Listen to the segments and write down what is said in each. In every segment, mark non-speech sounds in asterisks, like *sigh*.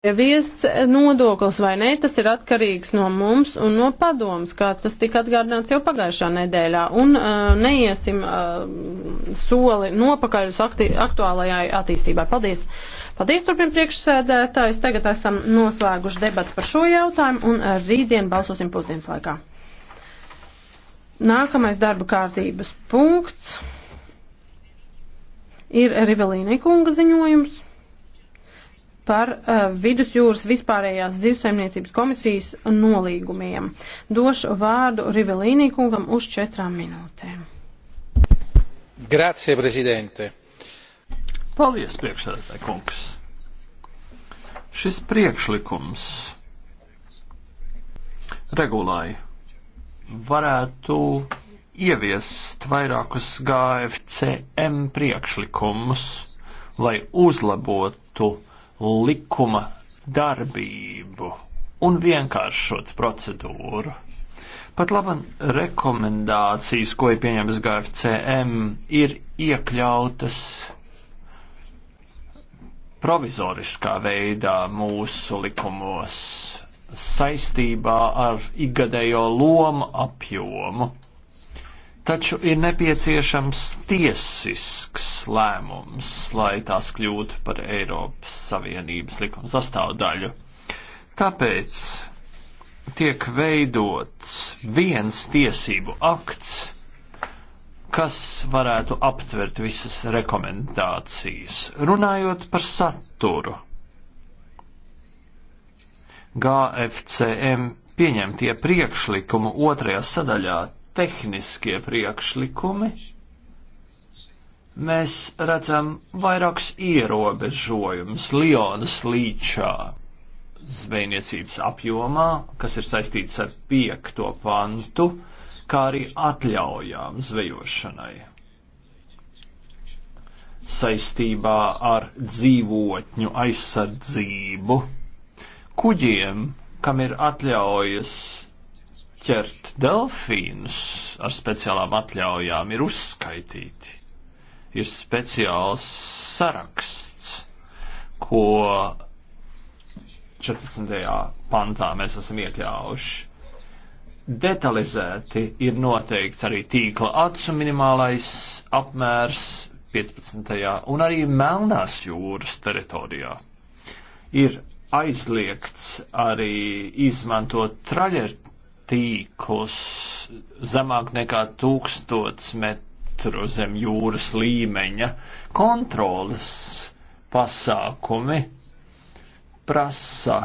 ieviests nodoklis vai nē, tas ir atkarīgs no mums un no padomas, kā tas tika atgādināts jau pagājušā nedēļā. Un uh, neiesim uh, soli nopakaļ uz aktuālajai attīstībai. Paldies! Paldies, turpin priekšsēdētājs. Tagad esam noslēguši debats par šo jautājumu un uh, rītdien balsosim pusdienas laikā. Nākamais darba kārtības punkts ir Rivelīna kunga ziņojums par uh, Vidusjūras vispārējās zivsaimniecības komisijas nolīgumiem. Došu vārdu Rivelīnī kungam uz četrām minūtēm. Grazie, prezidente. Paldies, priekšsēdētāj kungs. Šis priekšlikums regulai varētu ieviest vairākus GFCM priekšlikumus, lai uzlabotu likuma darbību un vienkāršot procedūru. Pat laban rekomendācijas, ko ir pieņemts GFCM, ir iekļautas provizoriskā veidā mūsu likumos saistībā ar ikgadējo lomu apjomu taču ir nepieciešams tiesisks lēmums, lai tās kļūtu par Eiropas Savienības likuma sastāvdaļu. Tāpēc tiek veidots viens tiesību akts, kas varētu aptvert visas rekomendācijas. Runājot par saturu, GFCM pieņemtie priekšlikumu otrajā sadaļā tehniskie priekšlikumi, mēs redzam vairākus ierobežojumus Lionas līčā zvejniecības apjomā, kas ir saistīts ar piekto pantu, kā arī atļaujām zvejošanai saistībā ar dzīvotņu aizsardzību. Kuģiem, kam ir atļaujas ķert delfīnus ar speciālām atļaujām ir uzskaitīti. Ir speciāls saraksts, ko 14. pantā mēs esam iekļāvuši. Detalizēti ir noteikts arī tīkla acu minimālais apmērs 15. un arī Melnās jūras teritorijā. Ir aizliegts arī izmantot traļeru tīklus zemāk nekā tūkstots metru zem jūras līmeņa kontrolas pasākumi prasa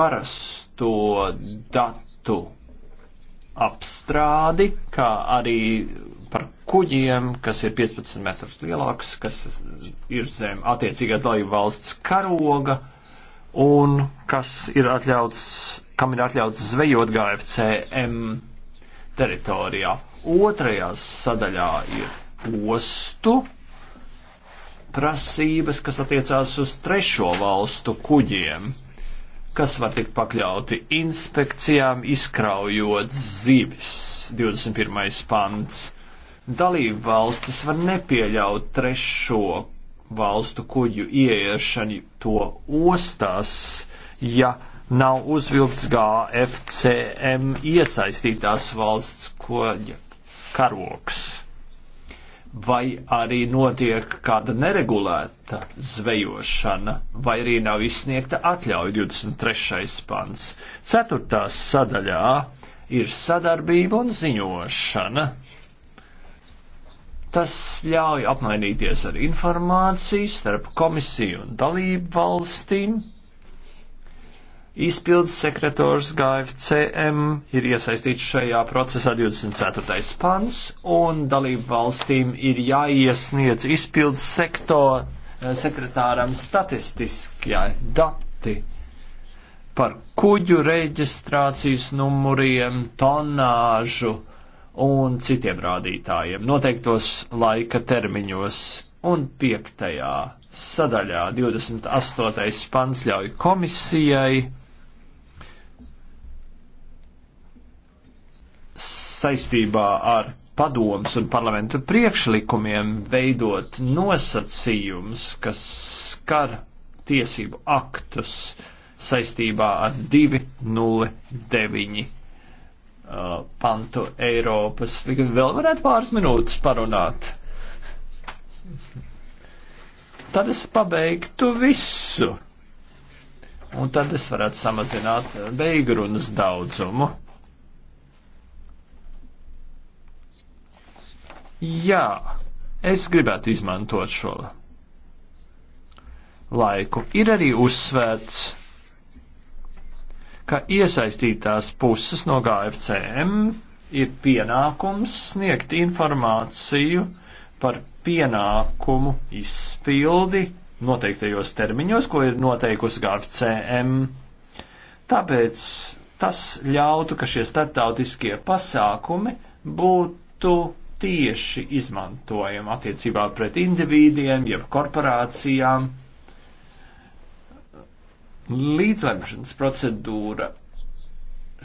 parasto datu apstrādi, kā arī par kuģiem, kas ir 15 metrus lielāks, kas ir zem attiecīgās dalību valsts karoga un kas ir atļauts, kam ir atļauts zvejot GFCM teritorijā. Otrajā sadaļā ir ostu prasības, kas attiecās uz trešo valstu kuģiem, kas var tikt pakļauti inspekcijām, izkraujot zivis. 21. pants. Dalību valstis var nepieļaut trešo valstu kuģu ieiešanu to ostās, ja nav uzvilkts GFCM iesaistītās valsts kuģa karoks. Vai arī notiek kāda neregulēta zvejošana, vai arī nav izsniegta atļauja 23. pants. Ceturtās sadaļā ir sadarbība un ziņošana. Tas ļauj apmainīties ar informāciju starp komisiju un dalību valstīm. Izpildes sekretors GFCM ir iesaistīts šajā procesā 24. pants, un dalību valstīm ir jāiesniedz izpildes sektor, eh, sekretāram statistiskie dati par kuģu reģistrācijas numuriem, tonāžu, un citiem rādītājiem noteiktos laika termiņos. Un piektajā sadaļā 28. pants ļauj komisijai saistībā ar padomus un parlamentu priekšlikumiem veidot nosacījums, kas skar tiesību aktus saistībā ar 209 uh, pantu Eiropas. Vēl varētu pāris minūtes parunāt. Tad es pabeigtu visu. Un tad es varētu samazināt beigrunas daudzumu. Jā, es gribētu izmantot šo laiku. Ir arī uzsvērts ka iesaistītās puses no GFCM ir pienākums sniegt informāciju par pienākumu izpildi noteiktajos termiņos, ko ir noteikusi GFCM. Tāpēc tas ļautu, ka šie startautiskie pasākumi būtu tieši izmantojami attiecībā pret individiem jeb korporācijām līdzlemšanas procedūra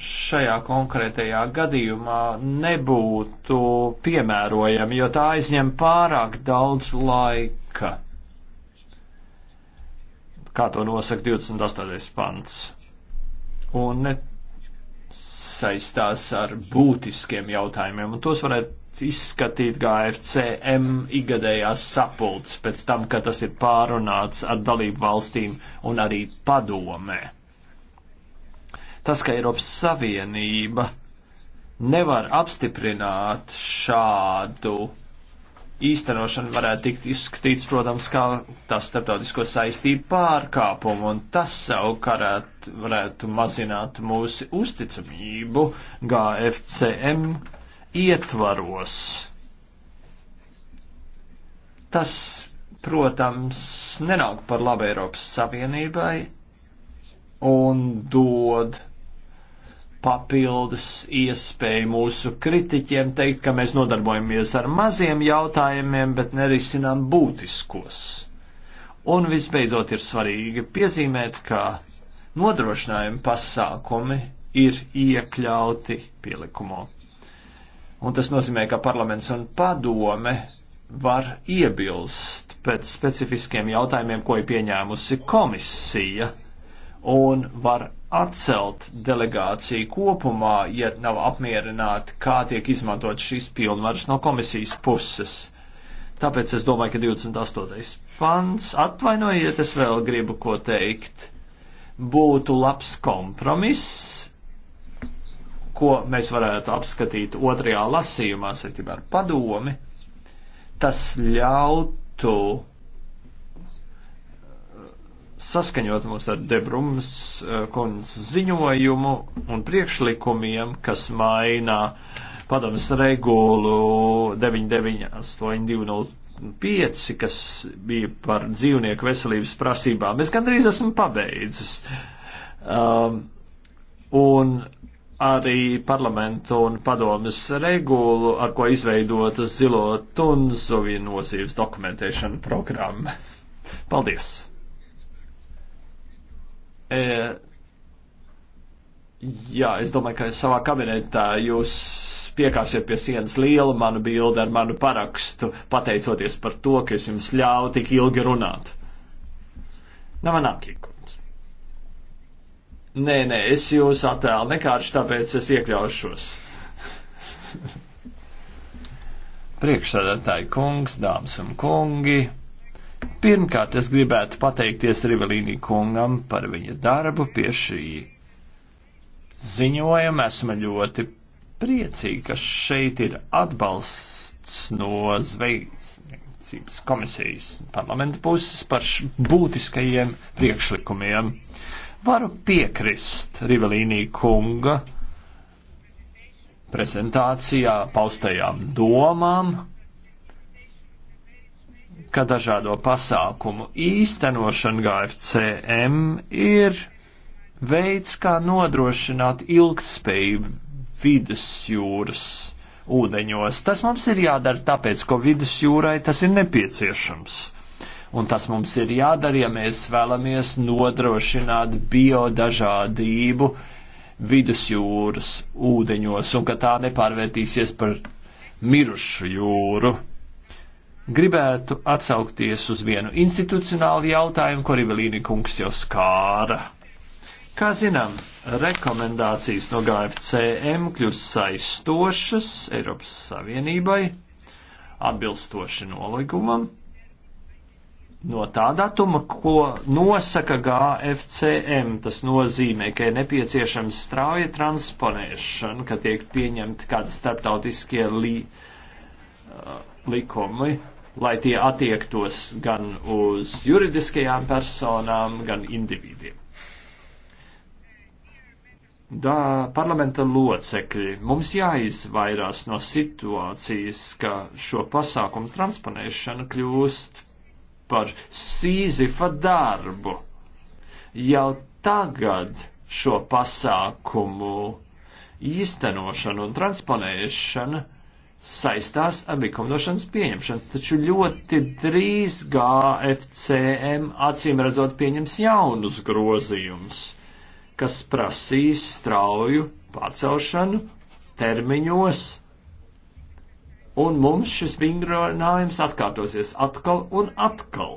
šajā konkrētajā gadījumā nebūtu piemērojama, jo tā aizņem pārāk daudz laika. Kā to nosaka 28. pants. Un ne saistās ar būtiskiem jautājumiem, un tos varētu izskatīt GFCM ikgadējās sapulces pēc tam, kad tas ir pārunāts ar dalību valstīm un arī padomē. Tas, ka Eiropas Savienība nevar apstiprināt šādu īstenošanu, varētu tikt izskatīts, protams, kā tas starptautisko saistību pārkāpumu, un tas savukārt varētu mazināt mūsu uzticamību GFCM ietvaros. Tas, protams, nenāk par labu Eiropas Savienībai un dod papildus iespēju mūsu kritiķiem teikt, ka mēs nodarbojamies ar maziem jautājumiem, bet nerisinām būtiskos. Un visbeidzot ir svarīgi piezīmēt, ka nodrošinājuma pasākumi ir iekļauti pielikumā. Un tas nozīmē, ka parlaments un padome var iebilst pēc specifiskiem jautājumiem, ko ir pieņēmusi komisija, un var atcelt delegāciju kopumā, ja nav apmierināti, kā tiek izmantot šīs pilnvaras no komisijas puses. Tāpēc es domāju, ka 28. pants, atvainojiet, es vēl gribu ko teikt, būtu labs kompromiss, ko mēs varētu apskatīt otrajā lasījumā saistībā ar padomi, tas ļautu uh, saskaņot mūs ar Debrums uh, kundzes ziņojumu un priekšlikumiem, kas maina padomas regulu 998205, kas bija par dzīvnieku veselības prasībām. Es gandrīz esmu pabeidzis. Um, un arī parlamentu un padomas regulu, ar ko izveidota zilo tunzuvju nozības dokumentēšana programma. Paldies! E, jā, es domāju, ka savā kabinetā jūs piekāpsiet pie sienas liela manu bildi ar manu parakstu, pateicoties par to, ka es jums ļāvu tik ilgi runāt. Namanākīku. Nē, nē, es jūs attēlu nekārši, tāpēc es iekļaušos. *laughs* Priekšsēdētāji kungs, dāmas un kungi. Pirmkārt, es gribētu pateikties Rivelīnī kungam par viņa darbu pie šī ziņojuma. Esmu ļoti priecīgi, ka šeit ir atbalsts no zvejniecības komisijas parlamenta puses par būtiskajiem priekšlikumiem. Uh, Varu piekrist Rivelīnī kunga prezentācijā paustajām domām, ka dažādo pasākumu īstenošana GFCM ir veids, kā nodrošināt ilgtspējību vidusjūras ūdeņos. Tas mums ir jādara tāpēc, ka vidusjūrai tas ir nepieciešams. Un tas mums ir jādara, ja mēs vēlamies nodrošināt biodažādību vidusjūras ūdeņos un ka tā nepārvērtīsies par mirušu jūru. Gribētu atsaukties uz vienu institucionālu jautājumu, ko Rivelīni kungs jau skāra. Kā zinām, rekomendācijas no GFCM kļūst saistošas Eiropas Savienībai, atbilstoši nolīgumam, no tā datuma, ko nosaka GFCM. Tas nozīmē, ka ir nepieciešama strauja transponēšana, ka tiek pieņemti kādi starptautiskie li, uh, likumi, lai tie attiektos gan uz juridiskajām personām, gan individiem. Da, parlamenta locekļi, mums jāizvairās no situācijas, ka šo pasākumu transponēšana kļūst par sīzifa darbu. Jau tagad šo pasākumu īstenošana un transponēšana saistās ar likumdošanas pieņemšanu, taču ļoti drīz GFCM acīm redzot pieņems jaunus grozījumus, kas prasīs strauju pārcelšanu termiņos un mums šis vingrinājums atkārtosies atkal un atkal.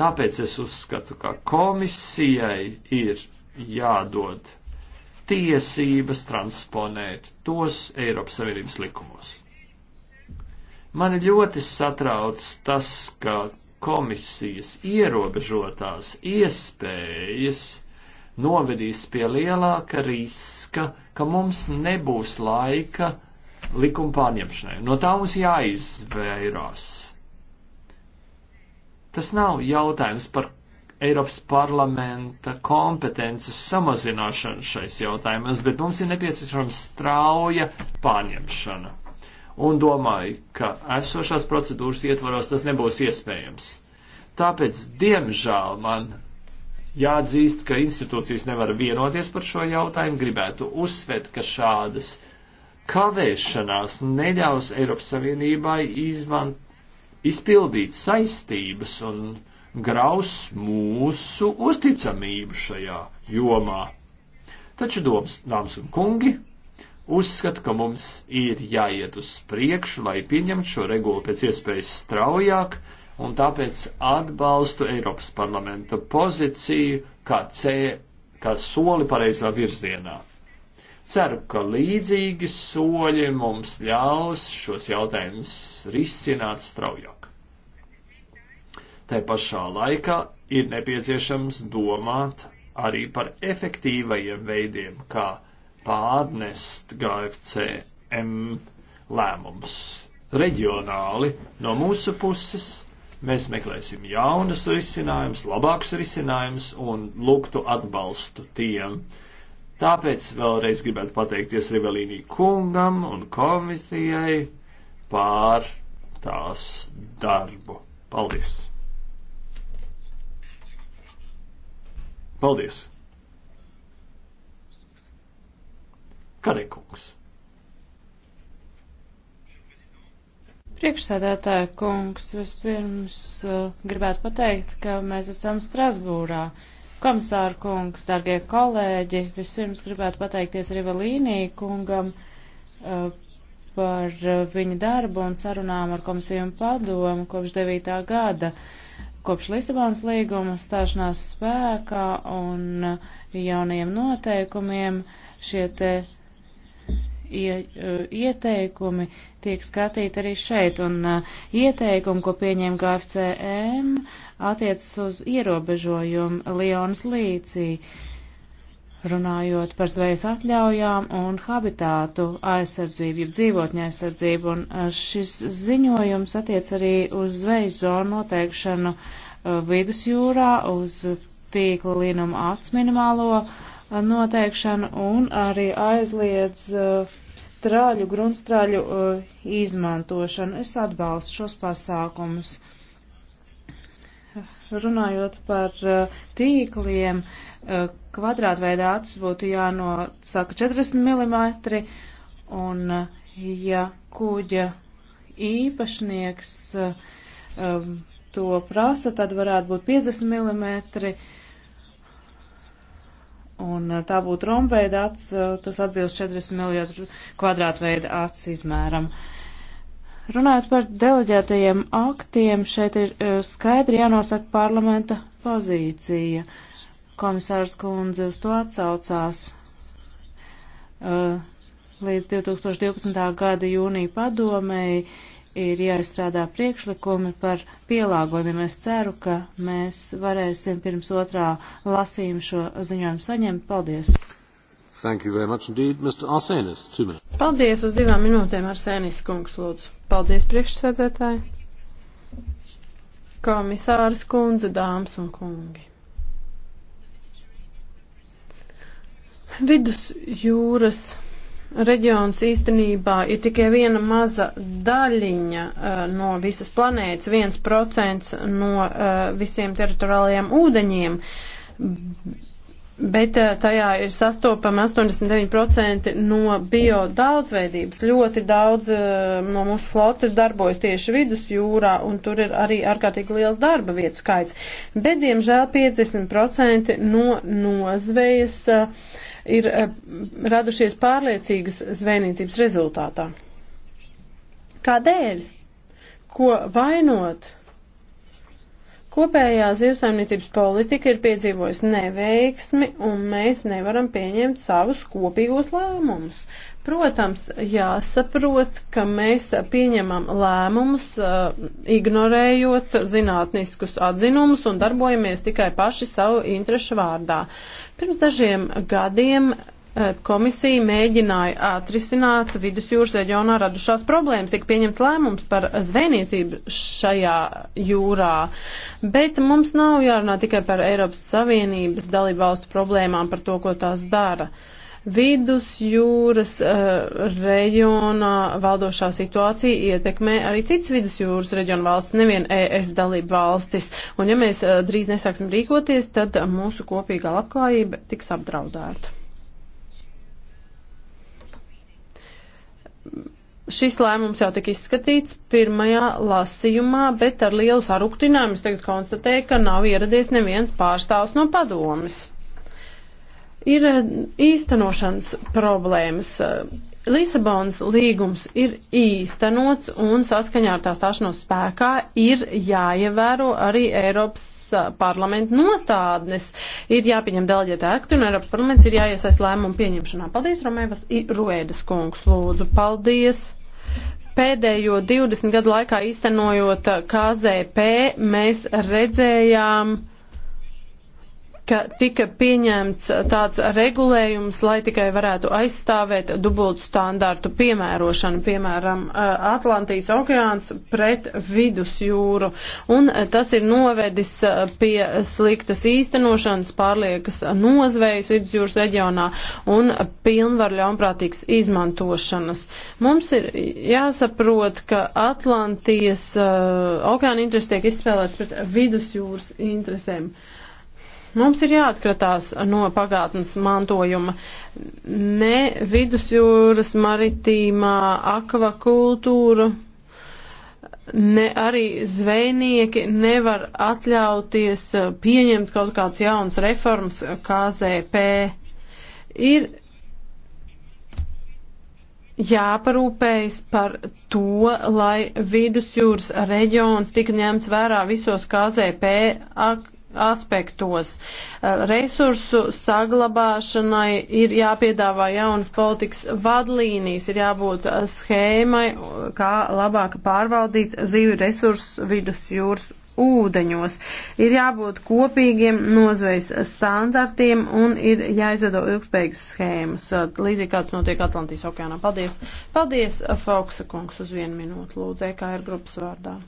Tāpēc es uzskatu, ka komisijai ir jādod tiesības transponēt tos Eiropas Savienības likumus. Mani ļoti satrauc tas, ka komisijas ierobežotās iespējas novedīs pie lielāka riska, ka mums nebūs laika likuma pārņemšanai. No tā mums jāizvairās. Tas nav jautājums par Eiropas parlamenta kompetences samazināšanu šais jautājumos, bet mums ir nepieciešama strauja pārņemšana. Un domāju, ka esošās procedūras ietvaros tas nebūs iespējams. Tāpēc, diemžēl, man jāatzīst, ka institūcijas nevar vienoties par šo jautājumu. Gribētu uzsvērt, ka šādas kavēšanās neļaus Eiropas Savienībai izman, izpildīt saistības un graus mūsu uzticamību šajā jomā. Taču, doms, dāmas un kungi, uzskatu, ka mums ir jāiet uz priekšu, lai pieņemtu šo regulu pēc iespējas straujāk, un tāpēc atbalstu Eiropas parlamenta pozīciju kā C, kā soli pareizā virzienā. Ceru, ka līdzīgi soļi mums ļaus šos jautājumus risināt straujāk. Te pašā laikā ir nepieciešams domāt arī par efektīvajiem veidiem, kā pārnest GFCM lēmumus. Reģionāli no mūsu puses mēs meklēsim jaunus risinājumus, labākus risinājumus un lūgtu atbalstu tiem, uh, Tāpēc vēlreiz gribētu pateikties Rivelīnī kungam un komisijai pār tās darbu. Paldies! Paldies! Karekungs. Priekšsēdētāja kungs, vispirms uh, gribētu pateikt, ka mēs esam Strasbūrā. Uh, Komisāra kungs, dargie kolēģi, vispirms gribētu pateikties Rivalīnī kungam uh, par uh, viņa darbu un sarunām ar komisiju un padomu kopš 9. gada, kopš Lisabonas līguma stāšanās spēkā un uh, jaunajiem noteikumiem šie te ie, ieteikumi tiek skatīti arī šeit, un ieteikumi, ko pieņēma GFCM, attiecas uz ierobežojumu Lionas līcī, runājot par zvejas atļaujām un habitātu aizsardzību, jeb dzīvotņa aizsardzību, un uh, šis ziņojums attiec arī uz zvejas zonu noteikšanu uh, vidusjūrā, uz tīkla līnuma atsminimālo uh, noteikšanu un arī aizliedz uh, trāļu, grunstrāļu uh, izmantošanu. Es atbalstu šos pasākumus. Runājot par eh, tīkliem, eh, kvadrātveidā acis būtu jānosaka 40 mm, un eh, ja kuģa īpašnieks to prasa, tad varētu būt 50 mm, un tā būtu rombeida acis, tas atbilst 40 mm kvadrātveida acis izmēram. Uh, Runājot par deleģētajiem aktiem, šeit ir eh, skaidri jānosaka parlamenta pozīcija. Komisārs kundze uz to atsaucās eh, līdz 2012. gada jūnija padomēji ir jāizstrādā priekšlikumi par pielāgojumiem. Es ceru, ka mēs varēsim pirms otrā lasījuma šo ziņojumu saņemt. Paldies! Indeed, Arsenis, Paldies uz divām minūtēm, Arsēnis kungs, lūdzu. Paldies priekšsēdētāji. Komisāras kundze, dāmas un kungi. Vidus jūras reģions īstenībā ir tikai viena maza daļiņa uh, no visas planētas, viens procents no uh, visiem teritoriālajiem ūdeņiem. B Bet eh, tajā ir sastopama 89% no bio daudzveidības. Ļoti daudz eh, no mūsu flotes darbojas tieši vidusjūrā, un tur ir arī ārkārtīgi liels darba vietu skaits. Bet, diemžēl, 50% no nozvejas eh, ir radušies pārliecīgas zvejniecības rezultātā. Kādēļ? Ko vainot? Kopējā zivsaimniecības politika ir piedzīvojusi neveiksmi, un mēs nevaram pieņemt savus kopīgos lēmumus. Protams, jāsaprot, ka mēs pieņemam lēmumus, eh, ignorējot zinātniskus atzinumus un darbojamies tikai paši savu interešu vārdā. Pirms dažiem gadiem komisija mēģināja atrisināt vidusjūras reģionā radušās problēmas, tika pieņemts lēmums par zvejniecību šajā jūrā. Bet mums nav jārunā tikai par Eiropas Savienības dalībvalstu problēmām, par to, ko tās dara. Vidusjūras uh, reģionā valdošā situācija ietekmē arī cits vidusjūras reģionu valsts, nevien ES dalību valstis. Un ja mēs uh, drīz nesāksim rīkoties, tad mūsu kopīgā labklājība tiks apdraudēta. Šis lēmums jau tika izskatīts pirmajā lasījumā, bet ar lielu saruktinājumu es tagad konstatēju, ka nav ieradies neviens pārstāvs no padomas. Ir eh, īstenošanas problēmas. Lisabonas līgums ir īstenots un saskaņā ar tā stāšanos spēkā ir jāievēro arī Eiropas parlamenta nostādnes. Ir jāpieņem delģēta akti un Eiropas parlaments ir jāiesaist lēmumu pieņemšanā. Paldies, Romēvas Ruēdas kungs, lūdzu. Paldies! Pēdējo 20 gadu laikā īstenojot KZP, mēs redzējām, ka tika pieņemts tāds regulējums, lai tikai varētu aizstāvēt dubultu standārtu piemērošanu, piemēram, Atlantijas okeāns pret vidusjūru. Un tas ir novedis pie sliktas īstenošanas, pārliekas nozvejas vidusjūras reģionā un pilnvar ļaunprātīgas izmantošanas. Mums ir jāsaprot, ka Atlantijas okeāna interesi tiek izspēlēts pret vidusjūras interesēm. Uh, Mums ir jāatkratās no pagātnes mantojuma. Ne vidusjūras, maritīmā, akvakultūra, ne arī zvejnieki nevar atļauties pieņemt kaut kāds jauns reformas KZP. Ir jāparūpējas par to, lai vidusjūras reģions tika ņemts vērā visos KZP ak aspektos. Eh, resursu saglabāšanai ir jāpiedāvā jaunas politikas vadlīnijas, ir jābūt eh, schēmai, kā labāk pārvaldīt zīvi resursus vidus jūras ūdeņos. Ir jābūt kopīgiem nozvejas standartiem un ir jāizveido ilgspējīgas schēmas, eh, līdzīgi kāds notiek Atlantijas okeānā. Paldies! Paldies, Fauksa kungs, uz vienu minūtu lūdzu, EKR grupas vārdā.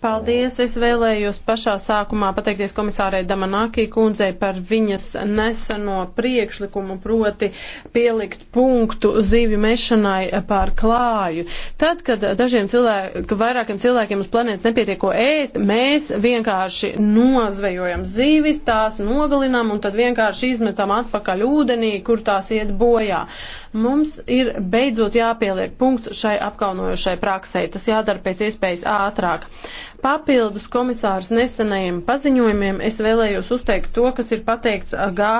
Paldies! Es vēlējos pašā sākumā pateikties komisārai Damanākī kundzei par viņas neseno priekšlikumu, proti pielikt punktu zīvi mešanai pār klāju. Tad, kad dažiem cilvēkiem, vairākiem cilvēkiem uz planētas nepietiek ko ēst, mēs vienkārši nozvejojam zīvis, tās nogalinām un tad vienkārši izmetam atpakaļ ūdenī, kur tās iet bojā. Mums ir beidzot jāpieliek punkts šai apkaunojošai praksē. Tas jādara pēc iespējas ātrāk. Papildus komisārs nesenajiem paziņojumiem es vēlējos uzteikt to, kas ir pateikts G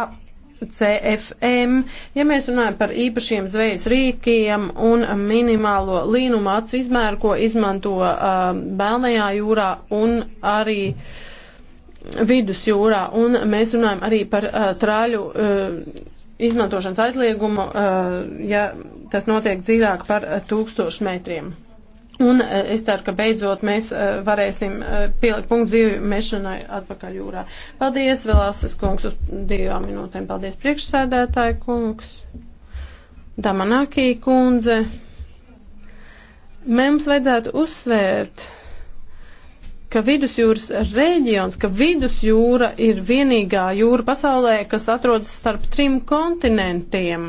CFM. Ja mēs runājam par īpašiem zvejas rīkiem un minimālo līnuma acu izmēru, ko izmanto uh, Melnajā jūrā un arī vidusjūrā, un mēs runājam arī par uh, trāļu. Uh, Izmantošanas aizliegumu, uh, ja tas notiek dzīvāk par tūkstošu metriem. Un e, es ceru, ka beidzot mēs e, varēsim e, pielikt punktu dzīvi mešanai atpakaļ jūrā. Paldies, Velāsas kungs, uz divām minūtēm. Paldies, priekšsēdētāji kungs, Damanākī kundze. Mums vajadzētu uzsvērt ka vidusjūras reģions, ka vidusjūra ir vienīgā jūra pasaulē, kas atrodas starp trim kontinentiem.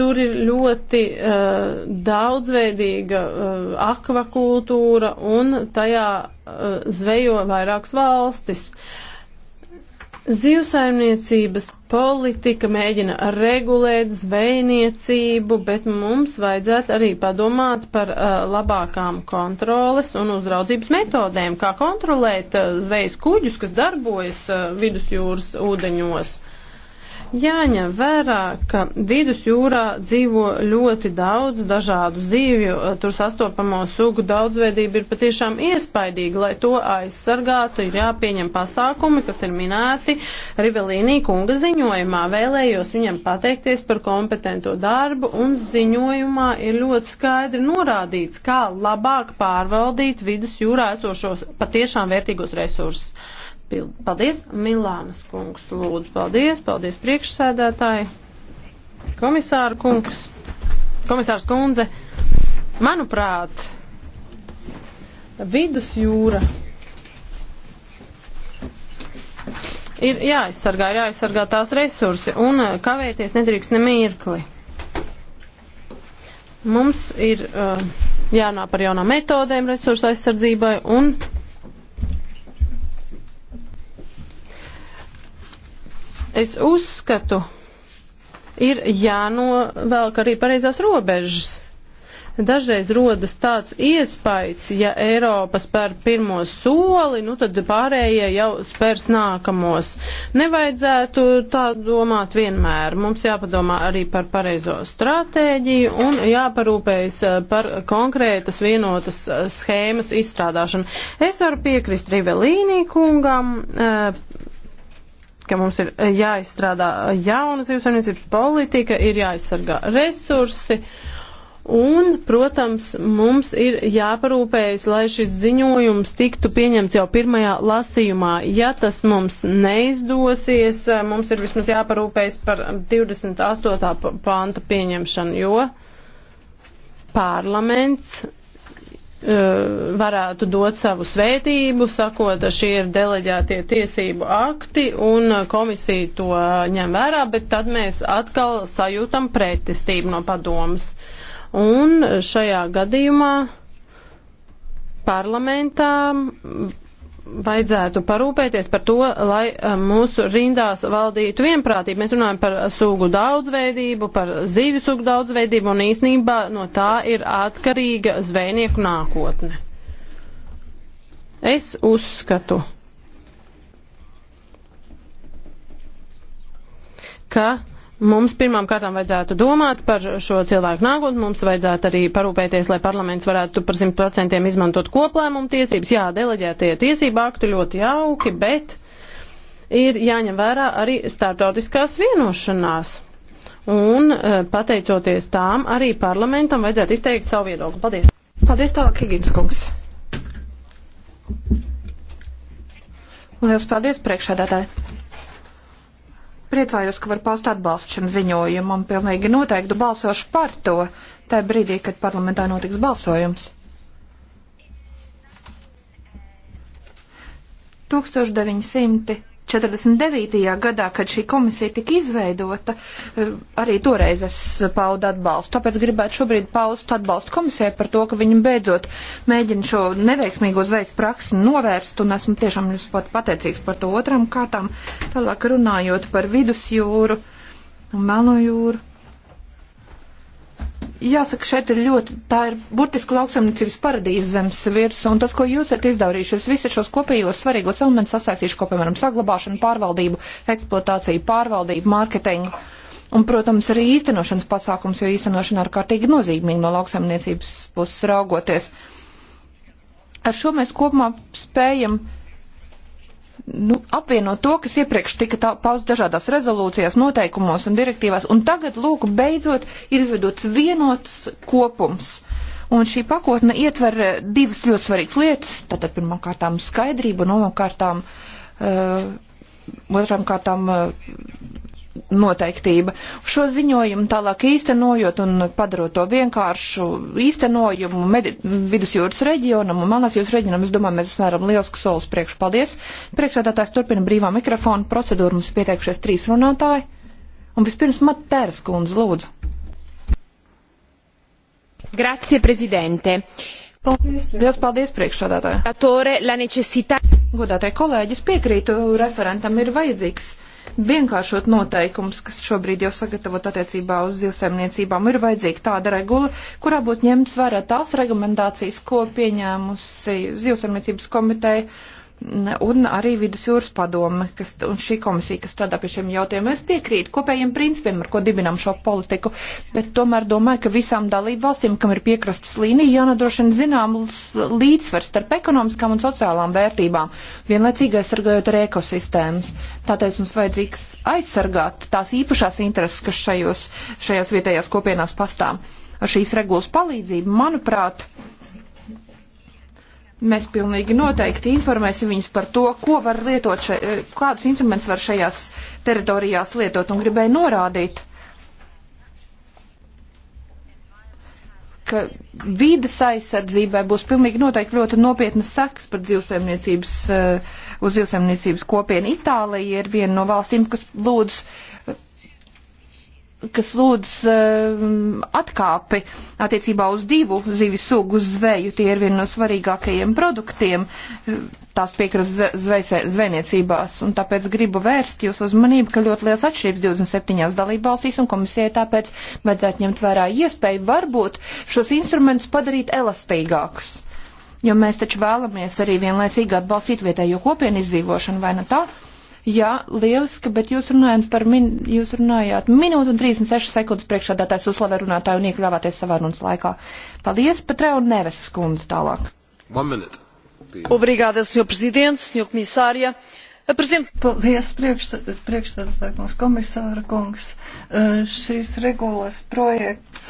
Tur ir ļoti uh, daudzveidīga uh, akvakultūra un tajā uh, zvejo vairākas valstis. Uh, Zivsaimniecības politika mēģina regulēt zvejniecību, bet mums vajadzētu arī padomāt par uh, labākām kontroles un uzraudzības metodēm, kā kontrolēt uh, zvejas kuģus, kas darbojas uh, vidusjūras ūdeņos. Uh, Jāņem vērā, ka vidusjūrā dzīvo ļoti daudz dažādu zīvju, tur sastopamo sugu daudzveidība ir patiešām iespaidīga. Lai to aizsargātu, ir jāpieņem pasākumi, kas ir minēti Rivelīnī kunga ziņojumā. Vēlējos viņam pateikties par kompetento darbu un ziņojumā ir ļoti skaidri norādīts, kā labāk pārvaldīt vidusjūrā esošos patiešām vērtīgos resursus. Paldies, Milānas kungs, lūdzu, paldies, paldies priekšsēdētāji, komisāra kungs, komisārs kundze. Manuprāt, vidusjūra ir jāaizsargā, ir jāaizsargā tās resursi un eh, kavēties nedrīkst nemirkli. Mums ir uh, eh, jānāk par jaunām metodēm resursu aizsardzībai un es uzskatu, ir jānovelk arī pareizās robežas. Dažreiz rodas tāds iespējas, ja Eiropa spēr pirmo soli, nu tad pārējie jau spērs nākamos. Nevajadzētu tā domāt vienmēr. Mums jāpadomā arī par pareizo stratēģiju un jāparūpējas eh, par konkrētas vienotas eh, schēmas izstrādāšanu. Es varu piekrist Rivelīnī kungam eh, ka mums ir jāizstrādā jauna zivsaimniecības politika, ir jāizsargā resursi. Un, protams, mums ir jāparūpējas, lai šis ziņojums tiktu pieņemts jau pirmajā lasījumā. Ja tas mums neizdosies, mums ir vismaz jāparūpējas par 28. panta pieņemšanu, jo parlaments Uh, varētu dot savu svētību, sakot, šie ir deleģētie tiesību akti un komisija to ņem vērā, bet tad mēs atkal sajūtam pretestību no padomas. Un šajā gadījumā parlamentām vajadzētu parūpēties par to, lai eh, mūsu rindās valdītu vienprātība. Mēs runājam par sugu daudzveidību, par zīvi sugu daudzveidību, un īsnībā no tā ir atkarīga zvejnieku nākotne. Es uzskatu, ka Mums pirmām kārtām vajadzētu domāt par šo cilvēku nākotni, mums vajadzētu arī parūpēties, lai parlaments varētu par 100% izmantot koplēmumu tiesības. Jā, deleģētie tiesība aktu ļoti jauki, bet ir jāņem vērā arī startautiskās vienošanās. Un eh, pateicoties tām, arī parlamentam vajadzētu izteikt savu viedokli. Paldies! Paldies tālāk, Higins kungs! Lielas paldies, priekšādātāji! Priecājos, ka var paust atbalstu šim ziņojumam un pilnīgi noteikti balsošu par to, tajā brīdī, kad parlamentā notiks balsojums. 1900. 49. gadā, kad šī komisija tika izveidota, eh, arī toreiz es paudu atbalstu. Tāpēc gribētu šobrīd paust atbalstu komisijai par to, ka viņi beidzot mēģina šo neveiksmīgo zvejas praksi novērst, un esmu tiešām jums pat pateicīgs par to otram kārtām. Tālāk runājot par vidusjūru un melnojūru. Jāsaka, šeit ir ļoti, tā ir burtiski lauksaimniecības paradīze zemes virs, un tas, ko jūs esat izdarījuši, jūs visi šos kopējos svarīgos elementus sastāstīšu, ko, piemēram, saglabāšanu, pārvaldību, eksploatāciju, pārvaldību, mārketingu, un, protams, arī īstenošanas pasākums, jo īstenošana ir kārtīgi nozīmīga no lauksaimniecības puses raugoties. Ar šo mēs kopumā spējam nu, apvienot to, kas iepriekš tika pausts dažādās rezolūcijās, noteikumos un direktīvās, un tagad, lūk, beidzot ir izvedots vienots kopums. Un šī pakotne ietver eh, divas ļoti svarīgas lietas, tātad pirmām kārtām skaidrību, un otrām kārtām, uh, otrām kārtām uh, noteiktība. Šo ziņojumu tālāk īstenojot un padarot to vienkāršu īstenojumu vidusjūras reģionam un manas jūras reģionam, es domāju, mēs esam lielsku solis priekšu. Paldies! Priekšādātājs turpina brīvā mikrofona procedūru. Mums pieteikušies trīs runātāji. Un vispirms Matēras kundze, lūdzu. Grazie, prezidente. Paldies, Liels paldies priekšādātāji. Godātie kolēģis piekrītu referentam ir vajadzīgs vienkāršot noteikumus, kas šobrīd jau sagatavot attiecībā uz zivsaimniecībām, ir vajadzīga tāda regula, kurā būtu ņemts vērā tās rekomendācijas, ko pieņēmusi zivsaimniecības komiteja un arī Vidusjūras padome, kas, un šī komisija, kas strādā pie šiem jautājumiem. Es piekrītu kopējiem principiem, ar ko dibinām šo politiku, bet tomēr domāju, ka visām dalību valstīm, kam ir piekrastas līnija, jānodrošina zināms līdzsvars starp ekonomiskām un sociālām vērtībām, vienlaicīgi aizsargājot arī ekosistēmas. Tāpēc mums vajadzīgs aizsargāt tās īpašās intereses, kas šajos, šajās vietējās kopienās pastāv. Ar šīs regulas palīdzību, manuprāt, uh, Mēs pilnīgi noteikti informēsim viņus par to, ko var lietot, še, eh, kādus instrumentus var šajās teritorijās lietot un gribēju norādīt, ka vides aizsardzībai būs pilnīgi noteikti ļoti nopietnas sekas par dzīvsaimniecības, eh, uz dzīvsaimniecības kopienu. Itālija ir viena no valstīm, kas lūdz kas lūdz um, atkāpi attiecībā uz divu zivju sugu zveju. Tie ir viena no svarīgākajiem produktiem uh, tās piekras zvejniecībās. Un tāpēc gribu vērst jūs uzmanību, ka ļoti liels atšķirības 27 dalībvalstīs un komisijai tāpēc vajadzētu ņemt vērā iespēju varbūt šos instrumentus padarīt elastīgākus. Jo mēs taču vēlamies arī vienlaicīgi atbalstīt vietējo kopienu izdzīvošanu, vai ne nu tā? Uh, Jā, lieliski, bet jūs, par min, jūs runājāt minūtu un 36 sekundes priekšādātājs uzslavē runātāju un iekļāvāties savā runas laikā. Paldies, Patrē un Neveses kundze tālāk. One minute. Obrigada, senhor presidente, senhor comissária. Paldies, priekšstādātājums komisāra kungs. Šīs regulas projekts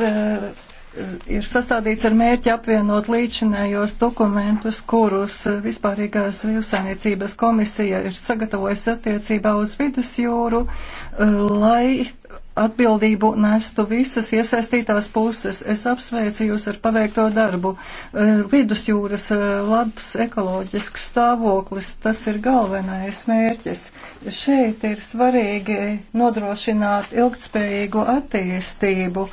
ir sastādīts ar mērķi apvienot līdzinējos dokumentus, kurus vispārīgās jūsāniecības komisija ir sagatavojusi attiecībā uz vidusjūru, eh, lai atbildību nestu visas iesaistītās puses. Es apsveicu jūs ar paveikto darbu. Eh, vidusjūras eh, labs ekoloģisks stāvoklis, tas ir galvenais mērķis. Šeit ir svarīgi nodrošināt ilgtspējīgu attīstību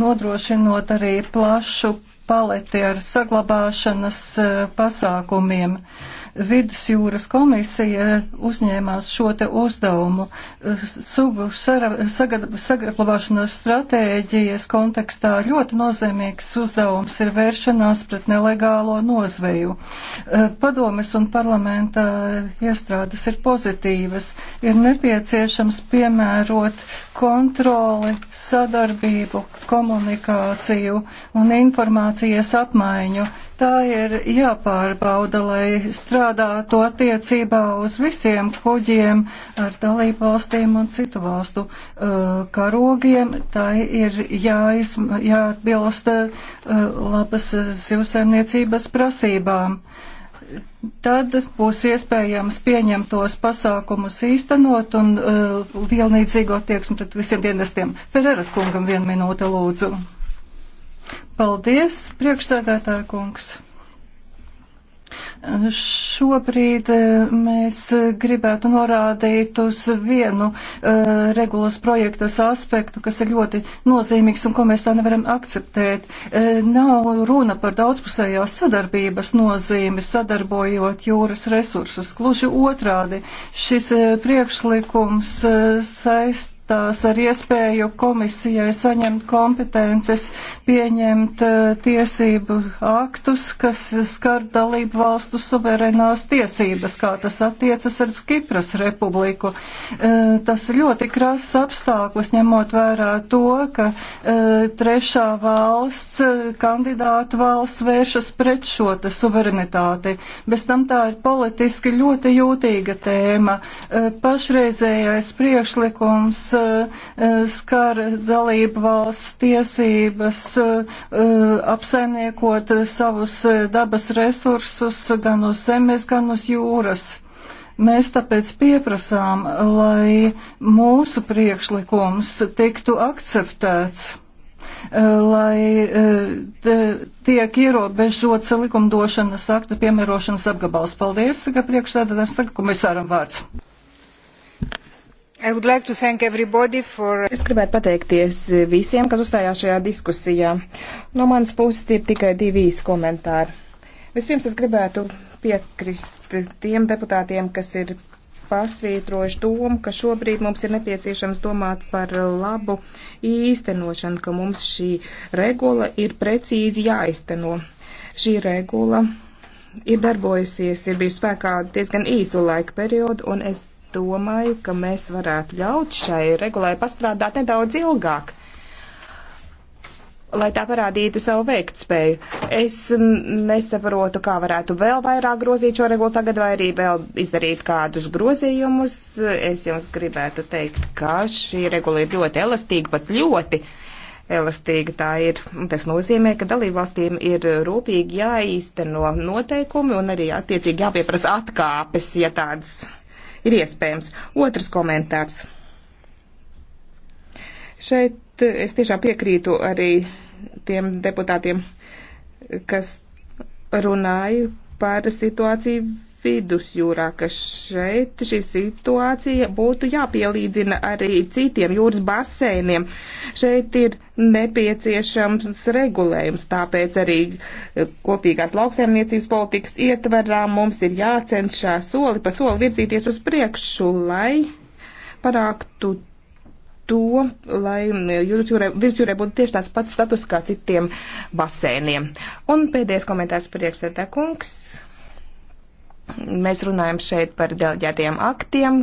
nodrošinot arī plašu paleti ar saglabāšanas eh, pasākumiem. Uh, Vidusjūras komisija uzņēmās šo te uzdevumu sugu saglabāšanas stratēģijas kontekstā ļoti nozīmīgs uzdevums ir vēršanās pret nelegālo nozveju. E, Padomis un parlamenta iestrādes ir pozitīvas. Ir nepieciešams piemērot kontroli, sadarbību, komunikāciju un informācijas apmaiņu. Tā ir jāpārbauda, lai strādātu izstrādātu attiecībā uz visiem kuģiem ar dalību valstīm un citu valstu uh, karogiem. Tai ir jāizm, jāatbilst uh, labas zivsaimniecības prasībām tad būs iespējams pieņemt tos pasākumus īstenot un uh, vienlīdzīgu attieksmi pret visiem dienestiem. Ferreras kungam vienu minūte lūdzu. Paldies, priekšsēdētāja kungs. Šobrīd eh, mēs gribētu norādīt uz vienu uh, regulas projektas aspektu, kas ir ļoti nozīmīgs un ko mēs tā nevaram akceptēt. Uh, nav runa par daudzpusējās sadarbības nozīmi, sadarbojot jūras resursus. Gluži otrādi, šis uh, priekšlikums saist tās ar iespēju komisijai saņemt kompetences, pieņemt eh, tiesību aktus, kas skar dalību valstu suverēnās tiesības, kā tas attiecas ar Kipras republiku. Eh, tas ļoti krass apstākļus, ņemot vērā to, ka eh, trešā valsts, kandidāta valsts vēršas pret šo te suverenitāti. Bez tam tā ir politiski ļoti jūtīga tēma. Pašreizējais priekšlikums Eh, skar dalību valsts tiesības eh, apsaimniekot savus eh, dabas resursus gan uz zemes, gan uz jūras. Mēs tāpēc pieprasām, lai mūsu priekšlikums tiktu akceptēts, lai tiek ierobežots likumdošanas akta piemērošanas apgabals. Paldies, ka priekšsēdētājs saka komisāram vārds. Like for... Es gribētu pateikties visiem, kas uzstājās šajā diskusijā. No manas puses ir tikai divi īsi komentāri. Vispirms es gribētu piekrist tiem deputātiem, kas ir pasvītrojuši domu, ka šobrīd mums ir nepieciešams domāt par labu īstenošanu, ka mums šī regula ir precīzi jāizteno. Šī regula ir darbojusies, ir bijusi spēkā diezgan īsu laika periodu, un es domāju, ka mēs varētu ļaut šai regulai pastrādāt nedaudz ilgāk lai tā parādītu savu veiktspēju. Es nesaprotu, kā varētu vēl vairāk grozīt šo regulu tagad, vai arī vēl izdarīt kādus grozījumus. Es jums gribētu teikt, ka šī regula ir ļoti elastīga, pat ļoti elastīga tā ir. Tas nozīmē, ka dalībvalstīm ir rūpīgi jāīsteno noteikumi un arī attiecīgi jāpieprasa atkāpes, ja tādas ir iespējams. Otrs komentārs. Šeit eh, es tiešām piekrītu arī tiem deputātiem, kas runāja par situāciju vidusjūrā, ka šeit šī situācija būtu jāpielīdzina arī citiem jūras basēniem. Šeit ir nepieciešams regulējums, tāpēc arī eh, kopīgās lauksaimniecības politikas ietverā mums ir jācenšās soli pa soli virzīties uz priekšu, lai panāktu to, lai virsjūrē būtu tieši tāds pats status kā citiem basēniem. Un pēdējais komentārs priekšsēdē kungs. Mēs runājam šeit par deleģētiem aktiem,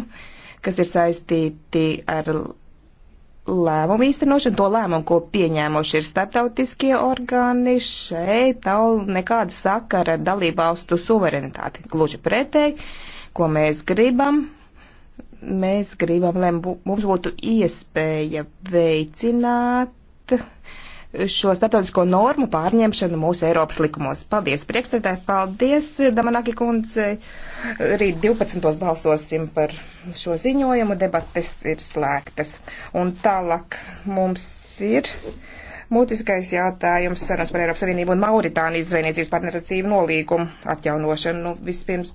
kas ir saistīti ar lēmumu īstenošanu, to lēmumu, ko pieņēmuši ir starptautiskie orgāni, šeit nav nekāda sakara ar dalībvalstu suverenitāti. Gluži pretēji, ko mēs gribam, mēs gribam, lai mums būtu iespēja veicināt šo starptautisko normu pārņemšanu mūsu Eiropas likumos. Paldies, priekšstādāji, paldies, Damanaki kundze. Rīt 12. balsosim par šo ziņojumu, debates ir slēgtas. Un tālāk mums ir mutiskais jautājums sarunas par Eiropas Savienību un Mauritānijas zvejniecības partneratcību nolīgumu atjaunošanu. Nu, vispirms